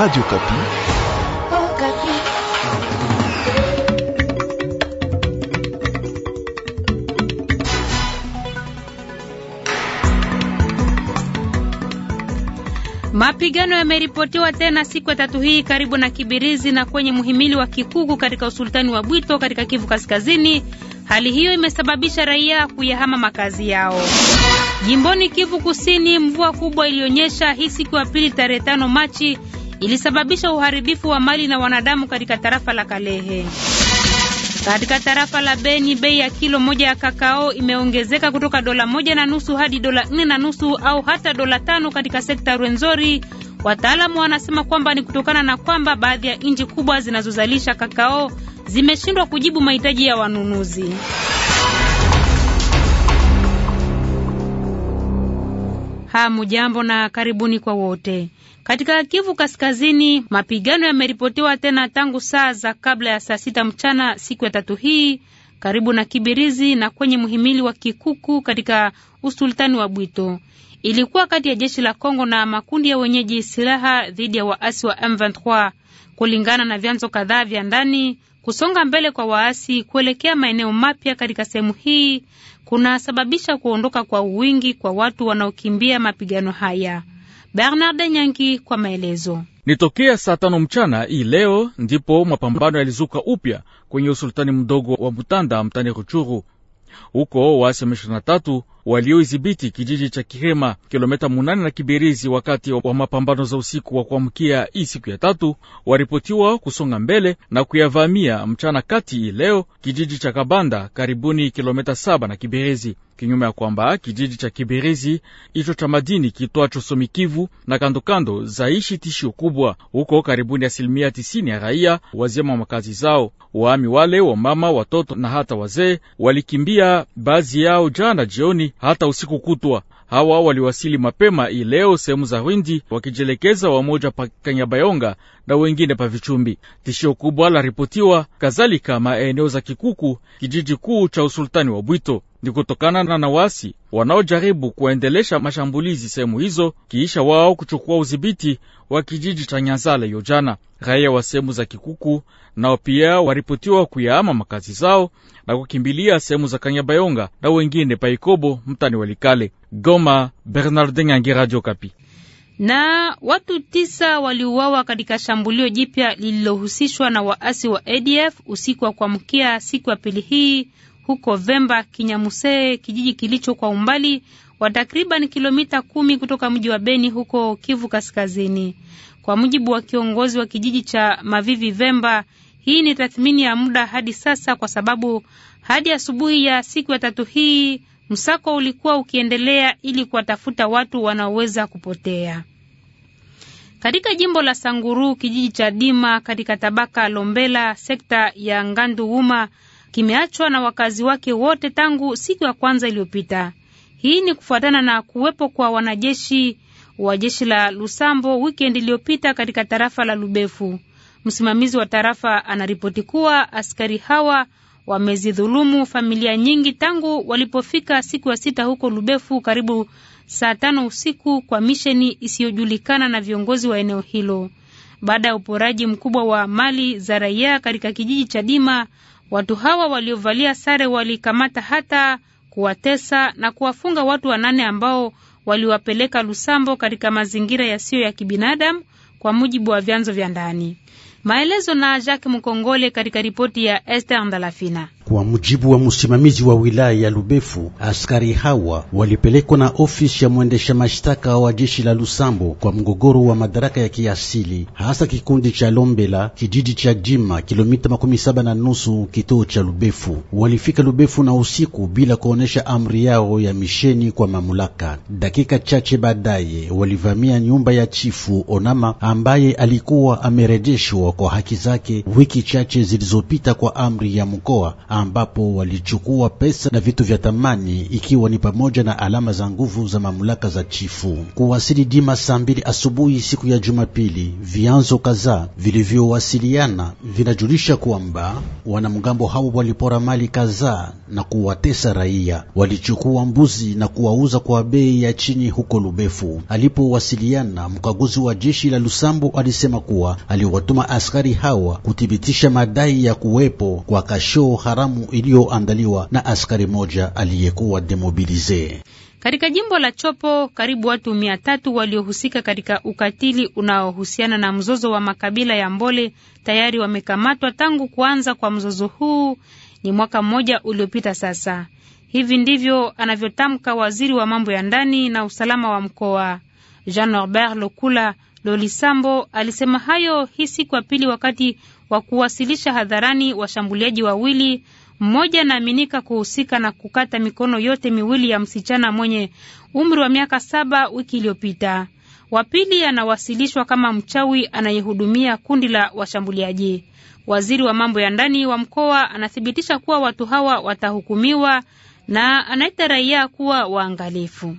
Radio Okapi. Mapigano yameripotiwa tena siku ya tatu hii karibu na Kibirizi na kwenye muhimili wa Kikugu katika usultani wa Bwito katika Kivu Kaskazini. Hali hiyo imesababisha raia kuyahama makazi yao. Jimboni Kivu Kusini, mvua kubwa ilionyesha hii siku ya pili tarehe 5 Machi ilisababisha uharibifu wa mali na wanadamu katika tarafa la Kalehe. Katika tarafa la Beni, bei ya kilo moja ya kakao imeongezeka kutoka dola moja na nusu hadi dola nne na nusu au hata dola tano katika sekta Rwenzori. Wataalamu wanasema kwamba ni kutokana na kwamba baadhi ya nchi kubwa zinazozalisha kakao zimeshindwa kujibu mahitaji ya wanunuzi. Hamujambo na karibuni kwa wote. Katika Kivu Kaskazini, mapigano yameripotiwa tena tangu saa za kabla ya saa sita mchana siku ya tatu hii karibu na Kibirizi na kwenye muhimili wa Kikuku katika usultani wa Bwito. Ilikuwa kati ya jeshi la Kongo na makundi ya wenyeji silaha dhidi ya waasi wa M23. Kulingana na vyanzo kadhaa vya ndani, kusonga mbele kwa waasi kuelekea maeneo mapya katika sehemu hii kunasababisha kuondoka kwa wingi kwa watu wanaokimbia mapigano haya. Bernard Nyangi kwa maelezo. Ni tokea saa tano mchana hii leo ndipo mapambano yalizuka upya kwenye usultani mdogo wa Mutanda mtani Ruchuru. Huko waasi M23 walioidhibiti kijiji cha Kihema, kilometa munane na Kibirizi, wakati wa mapambano za usiku wa kuamkia hii siku ya tatu, waripotiwa kusonga mbele na kuyavamia mchana kati leo kijiji cha Kabanda, karibuni kilometa saba na Kibirizi kinyume ya kwamba kijiji cha Kibirizi hicho cha madini kitwacho Somikivu na kandokando zaishi tishio kubwa huko. Karibuni asilimia tisini ya raia wazima makazi zao, waami wale wamama, watoto na hata wazee walikimbia baadhi yao jana jioni, hata usiku kutwa. Hawa waliwasili mapema ileo sehemu za Windi, wakijielekeza wamoja pa Kanyabayonga na wengine pa Vichumbi. Tishio kubwa la ripotiwa kadhalika maeneo za Kikuku, kijiji kuu cha usultani wa Bwito ni kutokana na wasi wanaojaribu kuendelesha mashambulizi sehemu hizo kiisha wao kuchukua udhibiti wa kijiji cha Nyazale yojana. Raia wa sehemu za Kikuku nao pia waripotiwa kuyaama makazi zao na kukimbilia sehemu za Kanyabayonga na wengine Paikobo mtani Walikale. Goma, Bernardin Yangi, Radio Kapi na watu tisa waliuawa katika shambulio jipya lililohusishwa na waasi wa ADF usiku wa kuamkia siku ya pili hii huko Vemba Kinyamusee, kijiji kilicho kwa umbali wa takriban kilomita kumi kutoka mji wa Beni huko Kivu Kaskazini. Kwa mujibu wa kiongozi wa kijiji cha Mavivi Vemba, hii ni tathmini ya muda hadi sasa, kwa sababu hadi asubuhi ya siku ya tatu hii msako ulikuwa ukiendelea ili kuwatafuta watu wanaoweza kupotea. Katika jimbo la Sanguru, kijiji cha Dima katika tabaka Lombela, sekta ya Ngandu Uma, kimeachwa na wakazi wake wote tangu siku ya kwanza iliyopita. Hii ni kufuatana na kuwepo kwa wanajeshi wa jeshi la Lusambo wikendi iliyopita katika tarafa la Lubefu. Msimamizi wa tarafa anaripoti kuwa askari hawa wamezidhulumu familia nyingi tangu walipofika siku ya sita huko Lubefu karibu saa tano usiku kwa misheni isiyojulikana na viongozi wa eneo hilo. Baada ya uporaji mkubwa wa mali za raia katika kijiji cha Dima, Watu hawa waliovalia sare walikamata hata kuwatesa na kuwafunga watu wanane ambao waliwapeleka Lusambo katika mazingira yasiyo ya kibinadamu kwa mujibu wa vyanzo vya ndani. Maelezo na Jacques Mkongole katika ripoti ya Esther Ndalafina. Kwa mujibu wa msimamizi wa wilaya ya Lubefu, askari hawa walipelekwa na ofisi ya mwendesha mashtaka wa jeshi la Lusambo kwa mgogoro wa madaraka ya kiasili, hasa kikundi cha Lombela, kijiji cha Jima, kilomita makumi saba na nusu kituo cha Lubefu. Walifika Lubefu na usiku bila kuonesha amri yao ya misheni kwa mamlaka. Dakika chache baadaye walivamia nyumba ya chifu Onama ambaye alikuwa amerejeshwa kwa haki zake wiki chache zilizopita kwa amri ya mkoa ambapo walichukua pesa na vitu vya thamani ikiwa ni pamoja na alama za nguvu za mamlaka za chifu. Kuwasili Dima saa mbili asubuhi siku ya Jumapili, vyanzo kadhaa vilivyowasiliana vinajulisha kwamba wanamgambo hao walipora mali kadhaa na kuwatesa raia. Walichukua mbuzi na kuwauza kwa bei ya chini huko Lubefu. Alipowasiliana, mkaguzi wa jeshi la Lusambo alisema kuwa aliwatuma askari hawa kuthibitisha madai ya kuwepo kwa kashoo haramu damu iliyoandaliwa na askari moja aliyekuwa demobilize. Katika jimbo la Chopo karibu watu mia tatu waliohusika katika ukatili unaohusiana na mzozo wa makabila ya Mbole tayari wamekamatwa tangu kuanza kwa mzozo huu, ni mwaka mmoja uliopita sasa. Hivi ndivyo anavyotamka waziri wa mambo ya ndani na usalama wa mkoa. Jean Norbert Lokula Lolisambo alisema hayo hii siku ya pili wakati wa kuwasilisha hadharani washambuliaji wawili, mmoja anaaminika kuhusika na kukata mikono yote miwili ya msichana mwenye umri wa miaka saba wiki iliyopita. Wa pili anawasilishwa kama mchawi anayehudumia kundi la washambuliaji. Waziri wa mambo ya ndani wa mkoa anathibitisha kuwa watu hawa watahukumiwa na anaita raia kuwa waangalifu.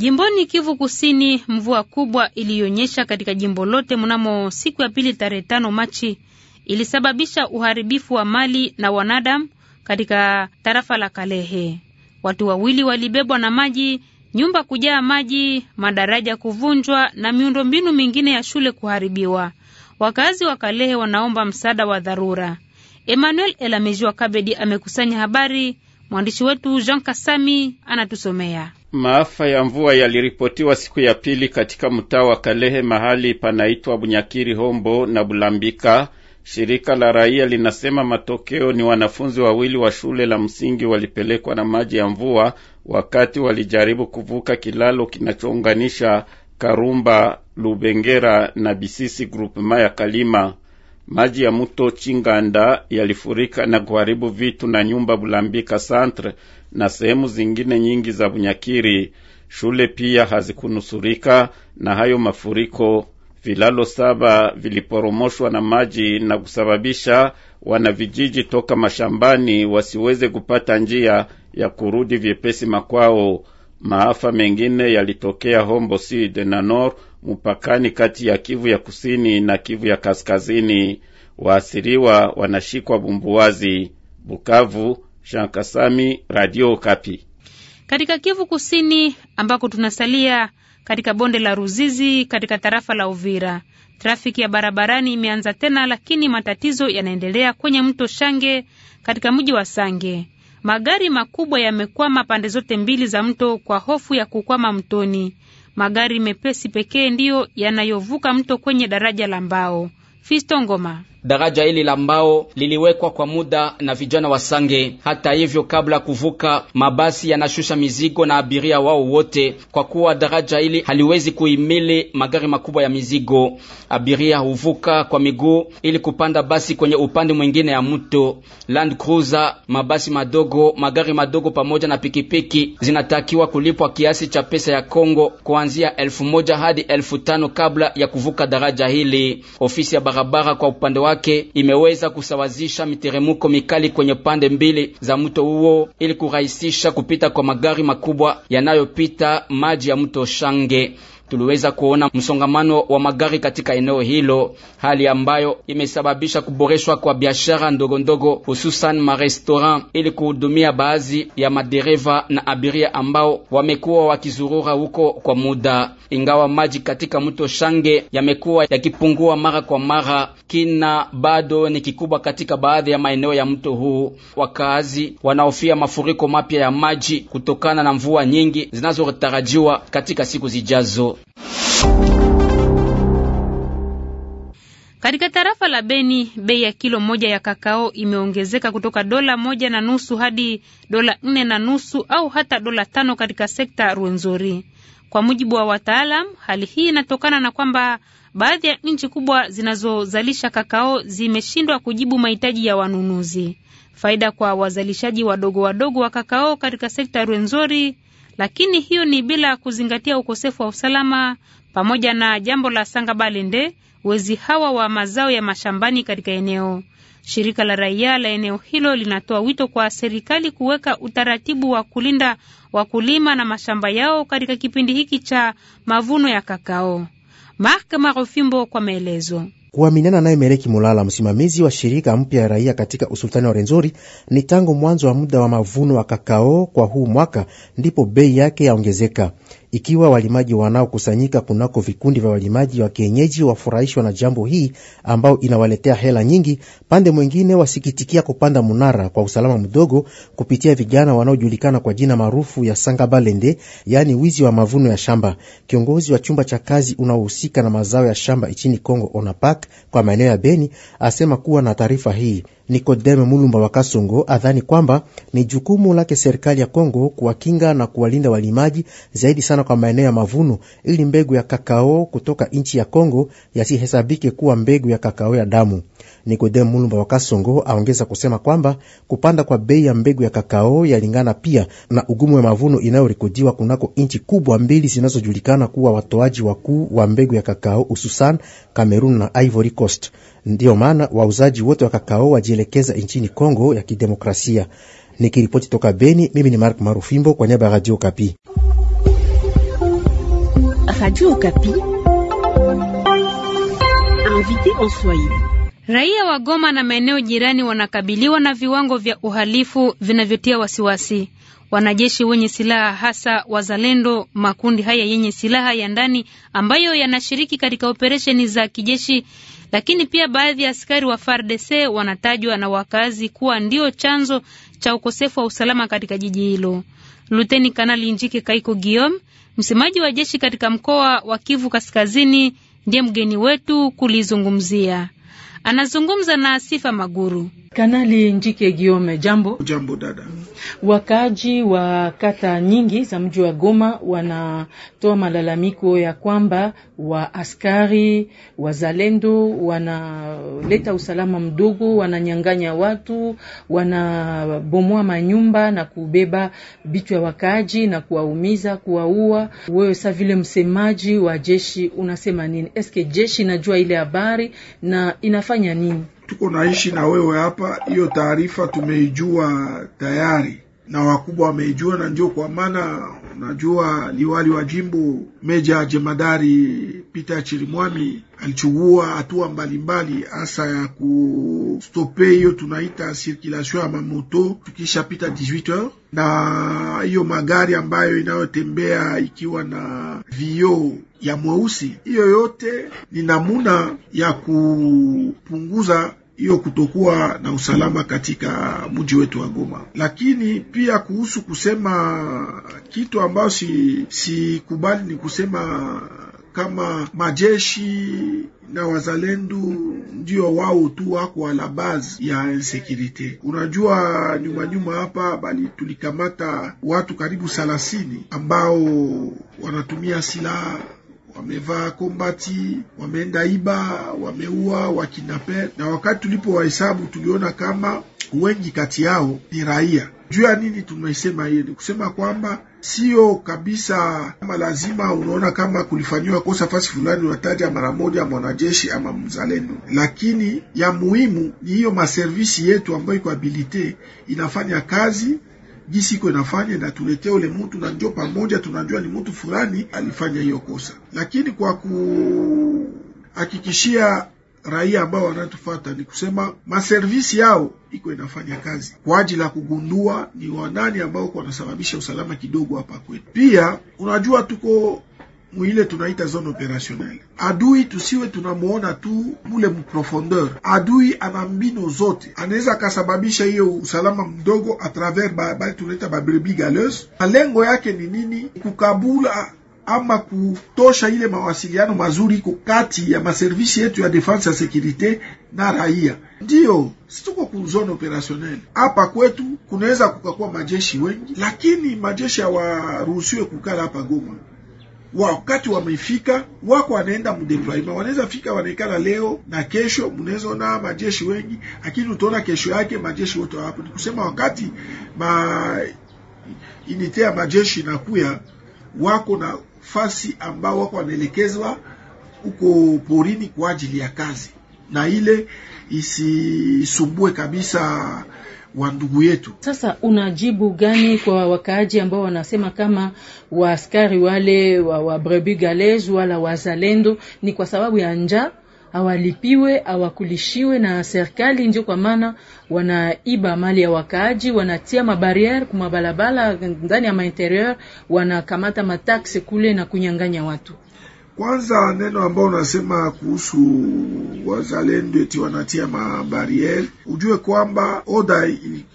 Jimboni Kivu Kusini, mvua kubwa iliyonyesha katika jimbo lote mnamo siku ya pili tarehe tano Machi ilisababisha uharibifu wa mali na wanadamu katika tarafa la Kalehe. Watu wawili walibebwa na maji, nyumba kujaa maji, madaraja kuvunjwa na miundombinu mingine ya shule kuharibiwa. Wakazi wa Kalehe wanaomba msaada wa dharura. Emmanuel Elamejiwa Kabedi amekusanya habari. Mwandishi wetu Jean Kasami anatusomea. Maafa ya mvua yaliripotiwa siku ya pili katika mtaa wa Kalehe mahali panaitwa Bunyakiri Hombo na Bulambika. Shirika la raia linasema matokeo ni wanafunzi wawili wa shule la msingi walipelekwa na maji ya mvua wakati walijaribu kuvuka kilalo kinachounganisha Karumba, Lubengera na Bisisi Grupema ya Kalima. Maji ya mto Chinganda yalifurika na kuharibu vitu na nyumba Bulambika Centre na sehemu zingine nyingi za Bunyakiri. Shule pia hazikunusurika na hayo mafuriko. Vilalo saba viliporomoshwa na maji na kusababisha wanavijiji toka mashambani wasiweze kupata njia ya kurudi vyepesi makwao. Maafa mengine yalitokea Hombo Sud na Nord, mpakani kati ya Kivu ya kusini na Kivu ya kaskazini. Waasiriwa wanashikwa bumbuwazi. Bukavu, Jean Kasami, Radio Kapi. Katika Kivu Kusini ambako tunasalia katika bonde la Ruzizi katika tarafa la Uvira, trafiki ya barabarani imeanza tena, lakini matatizo yanaendelea kwenye mto Shange katika mji wa Sange. Magari makubwa yamekwama pande zote mbili za mto kwa hofu ya kukwama mtoni. Magari mepesi pekee ndiyo yanayovuka mto kwenye daraja la mbao. Fisto Ngoma. Daraja hili la mbao liliwekwa kwa muda na vijana wa Sange. Hata hivyo, kabla kuvuka, mabasi yanashusha mizigo na abiria wao wote, kwa kuwa daraja hili haliwezi kuhimili magari makubwa ya mizigo. Abiria huvuka kwa miguu ili kupanda basi kwenye upande mwingine ya mto. Land Cruiser, mabasi madogo, magari madogo pamoja na pikipiki zinatakiwa kulipwa kiasi cha pesa ya Kongo kuanzia elfu moja hadi elfu tano kabla ya kuvuka daraja hili. Ofisi ya barabara kwa upande wa wake imeweza kusawazisha miteremuko mikali kwenye pande mbili za mto huo ili kurahisisha kupita kwa magari makubwa yanayopita maji ya mto Shange tuliweza kuona msongamano wa magari katika eneo hilo, hali ambayo imesababisha kuboreshwa kwa biashara ndogo ndogo, hususan marestorant, ili kuhudumia baadhi ya madereva na abiria ambao wamekuwa wakizurura huko kwa muda. Ingawa maji katika mto Shange yamekuwa yakipungua mara kwa mara, kina bado ni kikubwa katika baadhi ya maeneo ya mto huu. Wakaazi wanaofia mafuriko mapya ya maji kutokana na mvua nyingi zinazotarajiwa katika siku zijazo. Katika tarafa la Beni, bei ya kilo moja ya kakao imeongezeka kutoka dola moja na nusu hadi dola nne na nusu au hata dola tano katika sekta Rwenzori. Kwa mujibu wa wataalam, hali hii inatokana na kwamba baadhi ya nchi kubwa zinazozalisha kakao zimeshindwa kujibu mahitaji ya wanunuzi. Faida kwa wazalishaji wadogo wadogo wa kakao katika sekta Rwenzori lakini hiyo ni bila kuzingatia ukosefu wa usalama pamoja na jambo la sangabalende, wezi hawa wa mazao ya mashambani katika eneo. Shirika la raia la eneo hilo linatoa wito kwa serikali kuweka utaratibu wa kulinda wakulima na mashamba yao katika kipindi hiki cha mavuno ya kakao. Mark Marofimbo kwa maelezo. Kuaminiana naye Meleki Mulala, msimamizi wa shirika mpya ya raia katika usultani wa Renzori, ni tangu mwanzo wa muda wa mavuno wa kakao kwa huu mwaka ndipo bei yake yaongezeka. Ikiwa walimaji wanaokusanyika kunako vikundi vya walimaji wa kienyeji wafurahishwa na jambo hii ambao inawaletea hela nyingi, pande mwingine wasikitikia kupanda munara kwa usalama mdogo kupitia vijana wanaojulikana kwa jina maarufu ya sangabalende, yaani wizi wa mavuno ya shamba. Kiongozi wa chumba cha kazi unaohusika na mazao ya shamba nchini congo ONAPAK, kwa maeneo ya Beni asema kuwa na taarifa hii Nikodeme Mulumba wa Kasongo adhani kwamba ni jukumu lake serikali ya Kongo kuwakinga na kuwalinda walimaji zaidi sana kwa maeneo ya mavuno, ili mbegu ya kakao kutoka nchi ya Kongo yasihesabike kuwa mbegu ya kakao ya damu. Nikodemu Mulumba wa Kasongo aongeza kusema kwamba kupanda kwa bei ya mbegu ya kakao yalingana pia na ugumu wa mavuno inayorekodiwa kunako nchi kubwa mbili zinazojulikana kuwa watoaji wakuu wa mbegu ya kakao hususan Cameroon na Ivory Coast. Ndiyo maana wauzaji wote wa kakao wajielekeza nchini Kongo ya Kidemokrasia. Nikiripoti toka Beni, mimi ni Mark Marufimbo kwa niaba ya Radio Kapi. Radio Kapi. Invité en Swahili. Raia wa Goma na maeneo jirani wanakabiliwa na viwango vya uhalifu vinavyotia wasiwasi. Wanajeshi wenye silaha, hasa wazalendo, makundi haya yenye silaha ya ndani ambayo yanashiriki katika operesheni za kijeshi, lakini pia baadhi ya askari wa FARDC wanatajwa na wakazi kuwa ndio chanzo cha ukosefu wa usalama katika jiji hilo. Luteni Kanali Njike Kaiko Guillaume, msemaji wa jeshi katika mkoa wa Kivu Kaskazini, ndiye mgeni wetu kulizungumzia Anazungumza na Sifa Maguru. Kanali Njike Giome, jambo. Jambo dada. Wakaaji wa kata nyingi za mji wa Goma wanatoa malalamiko ya kwamba wa askari wazalendo wanaleta usalama mdogo, wananyang'anya watu, wanabomoa manyumba na kubeba vitu ya wakaaji na kuwaumiza, kuwaua. Wewe sa vile msemaji wa jeshi unasema nini? Eske jeshi inajua ile habari na inafanya kufanya nini? Tuko naishi na wewe hapa, hiyo taarifa tumeijua tayari na wakubwa wameijua, na ndio kwa maana unajua liwali wa jimbo Meja Jemadari Peter Chirimwami alichukua hatua mbalimbali, hasa ya kustope hiyo tunaita circulation ya mamoto tukisha pita 18 h na hiyo magari ambayo inayotembea ikiwa na vio ya mweusi. Hiyo yote ni namuna ya kupunguza hiyo kutokuwa na usalama katika mji wetu wa Goma. Lakini pia kuhusu kusema kitu ambayo sikubali si ni kusema kama majeshi na wazalendu ndio wao tu wako ala bazi ya insekurite. Unajua, nyuma nyuma hapa bali tulikamata watu karibu thelathini ambao wanatumia silaha wamevaa kombati, wameenda iba, wameua wakinape, na wakati tulipo wahesabu tuliona kama wengi kati yao ni raia. Juu ya nini tumesema hiyo? Ni kusema kwamba sio kabisa kama lazima unaona kama kulifanyiwa kosa fasi fulani unataja mara moja mwanajeshi ama mzalendo, lakini ya muhimu ni hiyo maservisi yetu ambayo iko habilite inafanya kazi jinsi iko inafanya na tuletea ule mtu na njo pamoja tunajua ni mtu fulani alifanya hiyo kosa, lakini kwa kuhakikishia raia ambao wanatufata ni kusema maservisi yao iko inafanya kazi kwa ajili ya kugundua ni wanani ambao wanasababisha usalama kidogo hapa kwetu. Pia unajua tuko mwile tunaita zone operationelle. Adui tusiwe tunamuona tu mule mprofondeur. Adui ana zote, anaweza akasababisha hiyo usalama mdogo atravers ba, ba tunaita babrebi galeuse. Malengo yake ni nini? Kukabula ama kutosha ile mawasiliano mazuri iko kati ya maservisi yetu ya defense ya securite na raia. Ndiyo, situko ku zone operationelle hapa kwetu, kunaweza kukakuwa majeshi wengi, lakini majeshi hawaruhusiwe kukala hapa Goma wakati wamefika wako wanaenda mdeployment, wanaweza fika wanaikala leo na kesho, mnaweza ona majeshi wengi, lakini utaona kesho yake majeshi wote wawapo Ni kusema wakati ma inite ya majeshi inakuya wako na fasi ambao wako wanaelekezwa huko porini kwa ajili ya kazi, na ile isisumbue kabisa wa ndugu yetu. Sasa unajibu gani kwa wakaaji ambao wanasema kama waaskari wale wa, wa brebi gales wala wazalendo ni kwa sababu ya njaa hawalipiwe hawakulishiwe na serikali, ndio kwa maana wanaiba mali ya wakaaji, wanatia mabariere kumabalabala ndani ya mainterieur, wanakamata mataksi kule na kunyang'anya watu. Kwanza neno ambao unasema kuhusu wazalendo eti wanatia mabariere, ujue kwamba oda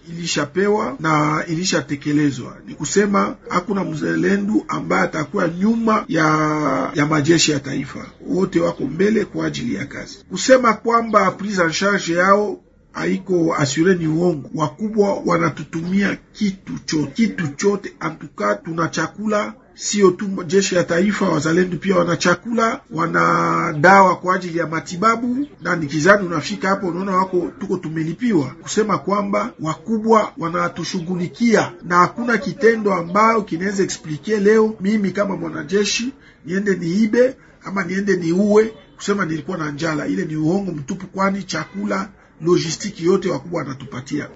ilishapewa na ilishatekelezwa. Ni kusema hakuna mzalendu ambaye atakuwa nyuma ya, ya majeshi ya taifa, wote wako mbele kwa ajili ya kazi. Kusema kwamba prise en charge yao haiko asure ni uongo. Wakubwa wanatutumia kitu chote, kitu chote antuka, tuna chakula sio tu jeshi ya taifa, wazalendo pia wana chakula, wana dawa kwa ajili ya matibabu. Na nikizani unafika hapo, unaona wako tuko tumelipiwa kusema kwamba wakubwa wanatushughulikia, na hakuna kitendo ambayo kinaweza explique leo mimi kama mwanajeshi niende niibe ama niende niue kusema nilikuwa na njala. Ile ni uongo mtupu, kwani chakula, logistiki yote wakubwa wanatupatia.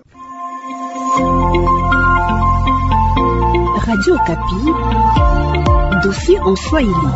Radio Kapi, dossier en Swahili.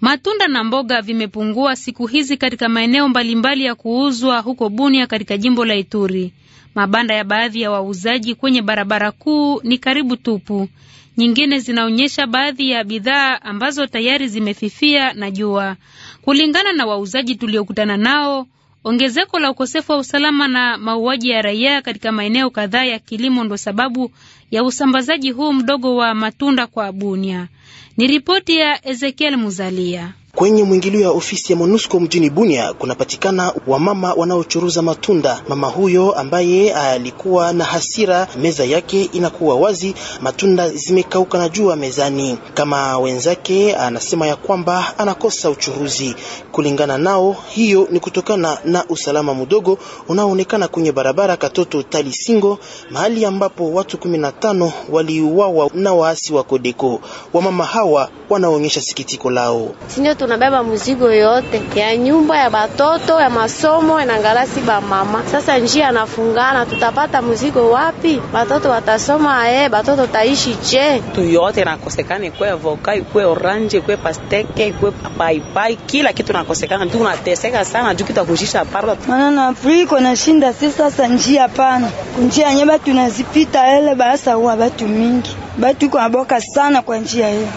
Matunda na mboga vimepungua siku hizi katika maeneo mbalimbali ya kuuzwa huko Bunia katika jimbo la Ituri. Mabanda ya baadhi ya wauzaji kwenye barabara kuu ni karibu tupu. Nyingine zinaonyesha baadhi ya bidhaa ambazo tayari zimefifia na jua. Kulingana na wauzaji tuliokutana nao, Ongezeko la ukosefu wa usalama na mauaji ya raia katika maeneo kadhaa ya kilimo ndo sababu ya usambazaji huu mdogo wa matunda kwa Bunia. Ni ripoti ya Ezekiel Muzalia. Kwenye mwingilio ya ofisi ya MONUSCO mjini Bunia kunapatikana wamama wanaochuruza matunda. Mama huyo ambaye alikuwa na hasira, meza yake inakuwa wazi, matunda zimekauka na jua mezani. Kama wenzake, anasema ya kwamba anakosa uchuruzi. Kulingana nao, hiyo ni kutokana na usalama mdogo unaoonekana kwenye barabara Katoto Talisingo, mahali ambapo watu 15 waliuawa na waasi wa Kodeko. Wamama hawa wanaonyesha sikitiko lao Sinyo tunabeba mzigo yote ya nyumba ya batoto ya masomo na ba mama. Sasa njia anafungana, tutapata mzigo wapi? Batoto watasoma eh, batoto taishi je? Tu nakosekana, ikwe avoka, ikwe oranje, ikwe pasteke, ikwe paipai, kila kitu nakosekana. Tunateseka sana juu kitu kujisha parla. Maana na Afrika nashinda sasa njia pana. Njia nyeba tunazipita ele basa huwa batu mingi. Batu kwa boka sana kwa njia hiyo.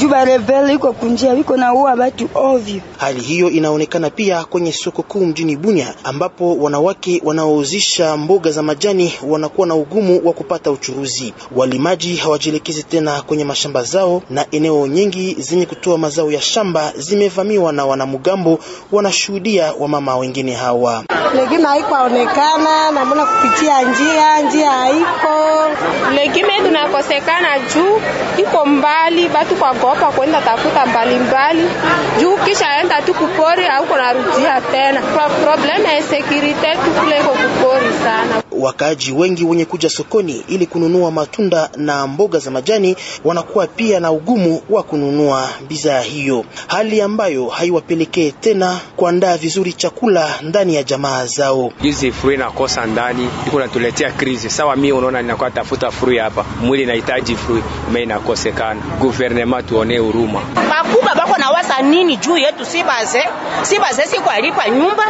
Juba rebel iko kunjia, iko na huwa watu ovyo. Hali hiyo inaonekana pia kwenye soko kuu mjini Bunia, ambapo wanawake wanaouzisha mboga za majani wanakuwa na ugumu wa kupata uchuruzi. Walimaji hawajielekezi tena kwenye mashamba zao, na eneo nyingi zenye kutoa mazao ya shamba zimevamiwa na wanamgambo, wanashuhudia wamama wengine hawa. legime haikuonekana na mbona kupitia njia njia haiko legime, tunakosekana juu iko mbali, batu gopa kwenda tafuta mbalimbali mbali juu kisha enda tu kupori au kunarudia tena. Problema ya sekirite tukule kupori sana. Wakaaji wengi wenye kuja sokoni ili kununua matunda na mboga za majani wanakuwa pia na ugumu wa kununua bidhaa hiyo, hali ambayo haiwapelekee tena kuandaa vizuri chakula ndani ya jamaa zao. Hizi furu inakosa ndani iko natuletea krizi. Sawa, mimi unaona ninakuwa tafuta furu hapa, mwili inahitaji furu, mimi inakosekana. Guvernema tuone huruma. Bakubwa bako na wasa nini juu yetu? Si baze si baze, si kwalipa nyumba,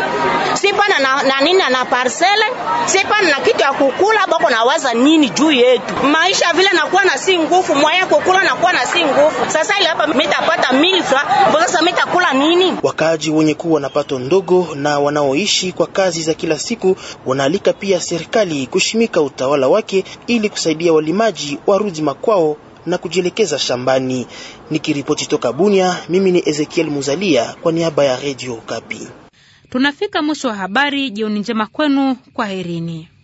si pana na, na nini na parcele, si pana na kitu ya kukula bako nawaza nini juu yetu maisha vile nakuwa na si nguvu mwaya kukula nakuwa na si nguvu. Sasa ile hapa mitapata milfra mbo, sasa mitakula nini? Wakaaji wenye kuwa na pato ndogo na wanaoishi kwa kazi za kila siku wanaalika pia serikali kushimika utawala wake ili kusaidia walimaji warudi makwao na kujielekeza shambani. Nikiripoti toka Bunia, mimi ni Ezekiel Muzalia kwa niaba ya Radio Kapi. Tunafika mwisho wa habari. Jioni njema kwenu, kwa herini.